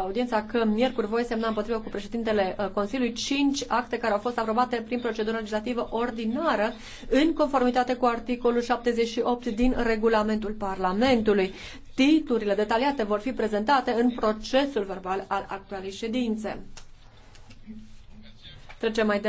audiența că miercuri voi semna împotriva cu președintele uh, Consiliului cinci acte care au fost aprobate prin procedură legislativă ordinară în conformitate cu articolul 78 din regulamentul Parlamentului. Titurile detaliate vor fi prezentate în procesul verbal al actualei ședințe. Trecem mai departe.